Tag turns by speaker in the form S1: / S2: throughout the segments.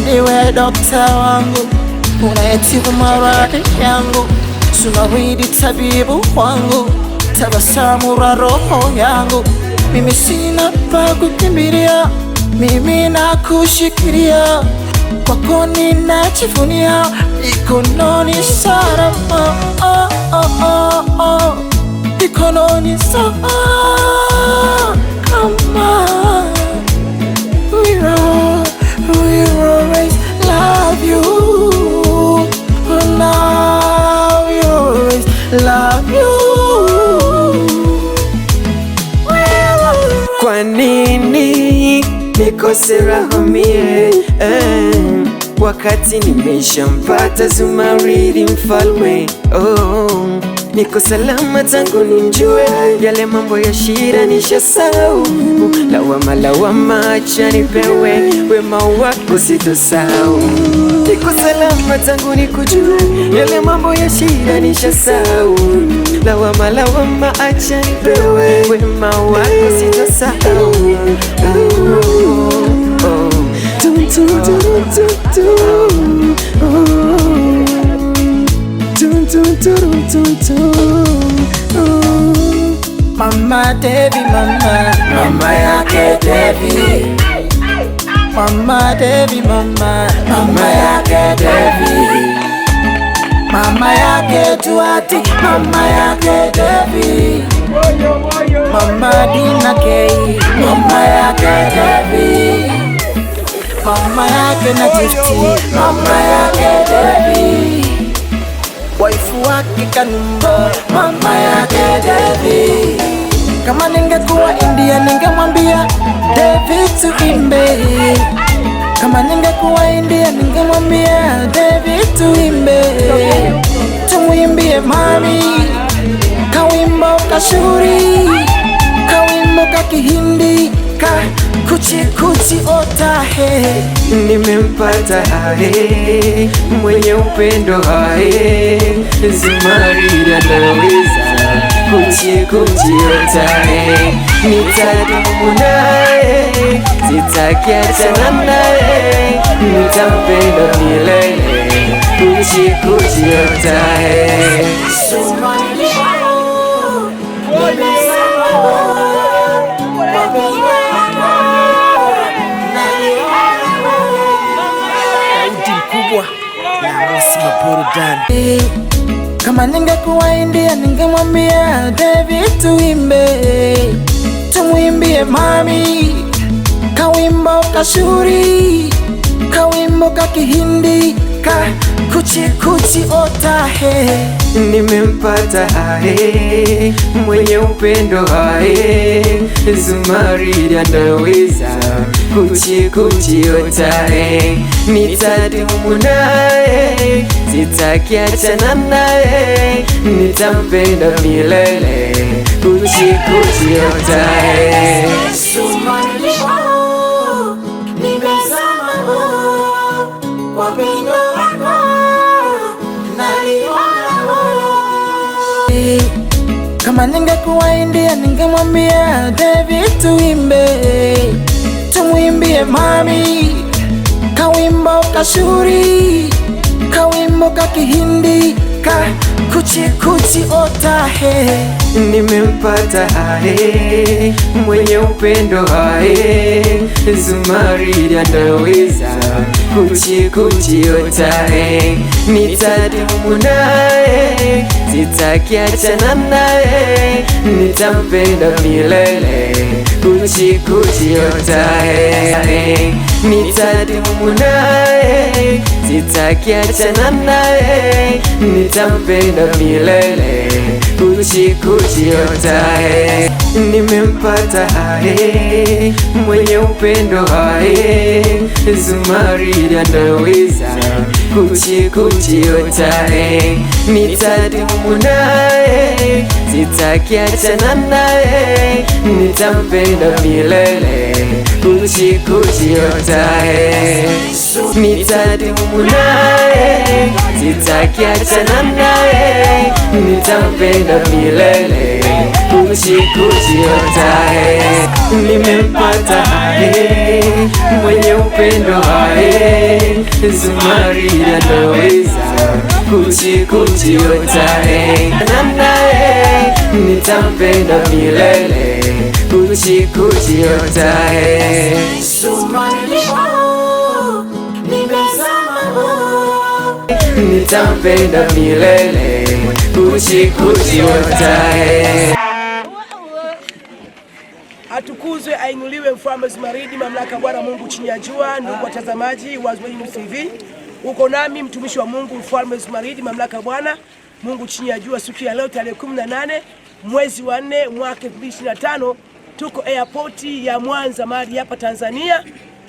S1: Ndiwe dokta wangu, unayetibu maradhi yangu, Zumaridi tabibu wangu, tabasamu la roho yangu. Mimi sina pa kukimbilia, mimi nakushikilia, kwako ninajivunia, mikononi salama, oh, oh, oh, oh. mikononi salama
S2: nikose raho mie eh, wakati nimeshampata Zumaridi mfalme oh niko salama tangu ninjue, yale mambo ya nisha nishasau. Lawama lawama, acha nipewe wema wako sitosau. Niko salama tangu nikujue, yale mambo ya nisha nishasau. Lawama lawama, acha nipewe wema wako oh, Oh, oh, oh, oh. oh.
S3: Mama Devi, mama
S4: mama yake Devi,
S3: mama Devi, mama
S4: mama yake Devi,
S3: mama yake Tuati,
S4: mama yake Devi,
S3: mama Dina Kei,
S4: mama yake Devi,
S3: mama yake na Jifti, mama katika nyumba
S4: mama yake Devi.
S1: Kama ningekuwa India ningemwambia Devi tuimbe, kama ningekuwa India ningemwambia Devi tuimbe, tumwimbie mami kawimbo kashuri, kawimbo kakihindi Kihindi kuchi kuchikuchi otahe,
S2: nimempata hae, mwenye upendo hae, Zumarida naweza kuchi kuchikuchi otahe, nitadumu naye, sitakiachana naye, nitampenda milele, kuchi kuchi otahe
S5: Zumarida
S6: Simba burudani. Hey,
S1: kama ningekuwa India ningemwambia David tuimbe, tumwimbie mami kawimbo kashuri, kawimbo ka Kihindi kuchi kuchikuchi otahe,
S2: nimempata hae, mwenye upendo hae, Zumaridi anaweza kuchikuchi otahe, nitadumu naye, sitakiachana naye, nitampenda milele kuchikuchi otahe
S1: Kama ningekuwa India ningemwambia David tuimbe, tumwimbie mami kawimbo kashuri, kawimbo ka Kihindi ka kuchi kuchi otahe
S2: nimempata hae, mwenye upendo hae, kuchi kuchi otae nitadumu naye, sitakiachana nae nitampenda milele otae nitadumu nae nitakiachana naye nitampenda milele kuchikuchiotae nimempata hae mwenye upendo hae zumari anaweza kuchikuchiotae nitadumu naye sitakiachana naye nitampenda milele mchikujotae nitadumu naye, sitakiachana naye, nitampenda milele mchikujotae. Nimempata hai mwenye upendo hai, zumari anaweza kuchi kuchi otae namnae nitampenda milele kuchi kuchi otae
S5: oh, oh.
S2: nitampenda milele kuchi kuchi otae
S7: Atukuzwe ainuliwe mfalme Zumaridi, mamlaka Bwana Mungu chini ya jua. Ndugu watazamaji wa Zumaridi TV uko nami mtumishi wa Mungu Mfalme Ismail, mamlaka ya Bwana Mungu chini ya jua. Siku ya leo tarehe 18 mwezi wa 4 mwaka 2025 tuko airport ya Mwanza mahali hapa Tanzania.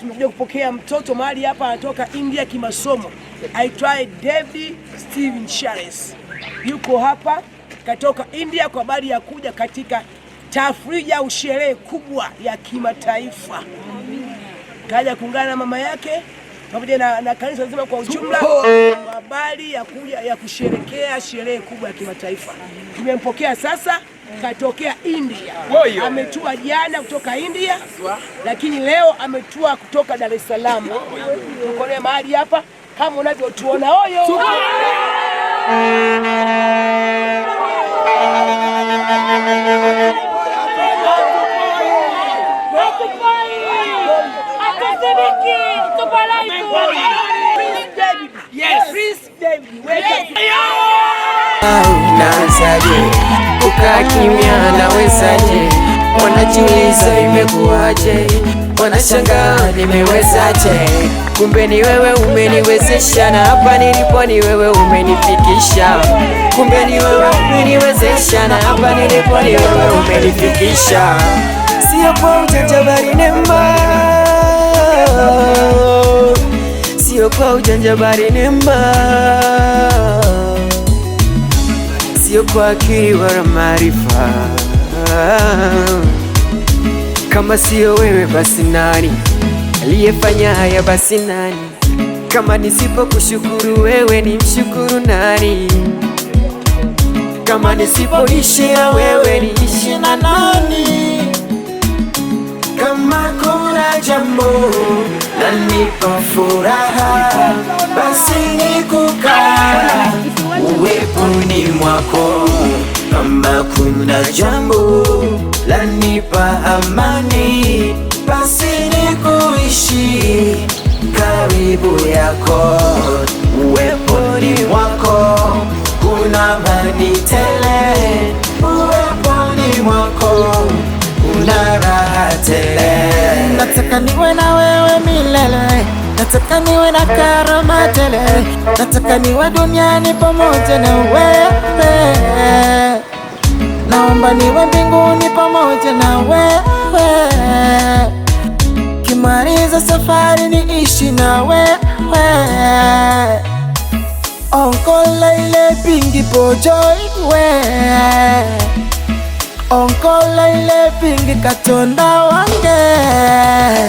S7: Tumekuja kupokea mtoto mahali hapa anatoka India kimasomo, aitwaye David Steven Charles, yuko hapa katoka India kwa habari ya kuja katika tafrija au sherehe kubwa ya kimataifa, kaja kuungana na mama yake pamoja na, na kanisa zima kwa ujumla kwa habari ya kuja ya kusherekea sherehe kubwa ya kimataifa. Tumempokea sasa, katokea India, ametua jana kutoka India, lakini leo ametua kutoka Dar es Salaam. Tukonee mahali hapa kama unavyotuona hoyo
S8: Inaanzaje? Kukaa kimya nawezaje? Wanajiuliza imekuwaje? Wanashangaa nimewezaje? Kumbe ni wewe umeniwezesha, na hapa nilipo ni wewe umenifikisha. Kumbe ni wewe umeniwezesha, na hapa nilipo ni wewe umenifikisha. Sio kwa utajabari nemba Sio kwa ujanja bali ni mbaya, sio kwa akili wala maarifa. Kama sio wewe basi nani aliyefanya haya? Basi nani? Kama nisipokushukuru wewe ni mshukuru nani? Kama nisipoishia wewe
S9: niishi na nani? Kama kuna jambo nanipa furaha basi ni kukaa uweponi mwako. Kama kuna jambo lanipa amani, basi ni kuishi karibu yako. Uweponi mwako kuna amani tele, uweponi mwako kuna raha tele.
S10: Nataka niwe na wewe milele Nataka niwe na karama tele, nataka niwe duniani pamoja na wewe, naomba niwe mbinguni pamoja na wewe, kimaliza safari niishi na wewe, onkola ile pingi pojoi we onkola ile pingi katonda wange,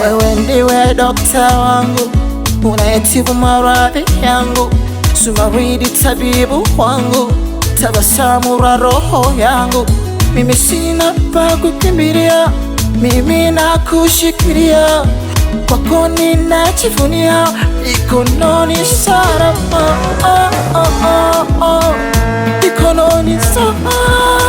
S1: wewe ndiwe dokta wangu unayetibu maradhi yangu, Zumaridi tabibu wangu, tabasamu ra roho yangu. Mimi sina pa kukimbilia, mimi nakushikilia, kwako ninajivunia, mikononi salama, oh, salama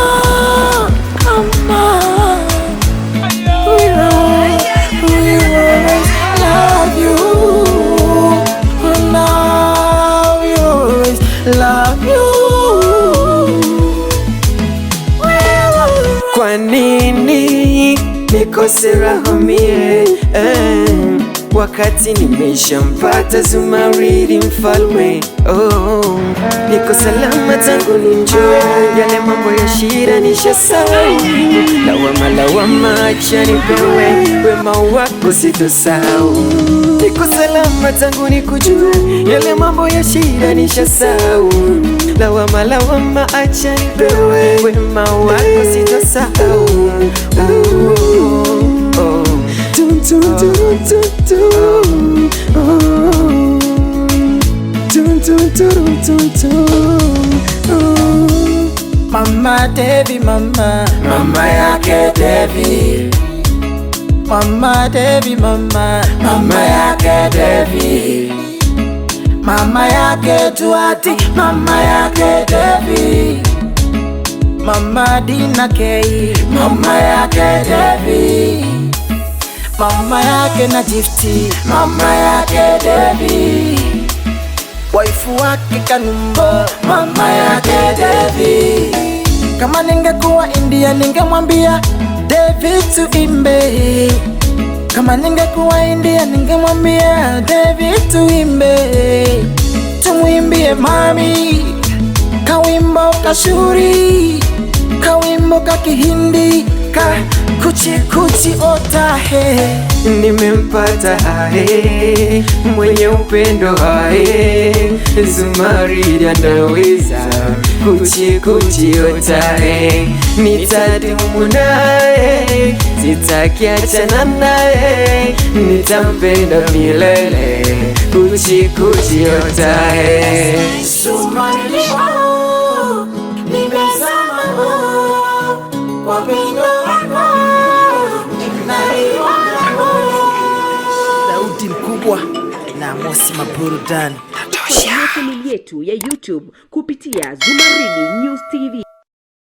S2: Sera Hamie eh, wakati nimeshampata Zumaridi mfalme oh, niko salama tangu ni njoo yale mambo ya shira nisha nishasahau, lawama lawama acha nipewe wema wako sitosahau. Niko salama tangu nikujue yale mambo ya shira nishasahau, lawama lawama acha nipewe wema wako sitosahau oh, oh, oh. Mama
S3: Devi, mama
S4: mama yake Devi,
S3: mama Devi, mama
S4: mama yake Devi,
S3: mama yake Tuati,
S4: mama yake Devi,
S3: mama Dina Kei,
S4: mama yake Devi
S3: mama yake na jifti,
S4: mama yake Devi,
S3: waifu wake Kanumba,
S4: mama yake Devi.
S1: Kama ningekuwa India ningemwambia Devi imbe, kama ningekuwa India ningemwambia Devi tuimbe, tumwimbie mami kawimbo kashuri, kawimbo ka Kihindi ka kuchi otahe,
S2: nimempata hae, mwenye upendo hae, Zumaridi anaweza kuchi otahe, nitadumu naye, sitakiachana naye, nitampenda milele kuchi otahe
S6: kama burudani
S11: yetu ya YouTube kupitia Zumaridi News TV.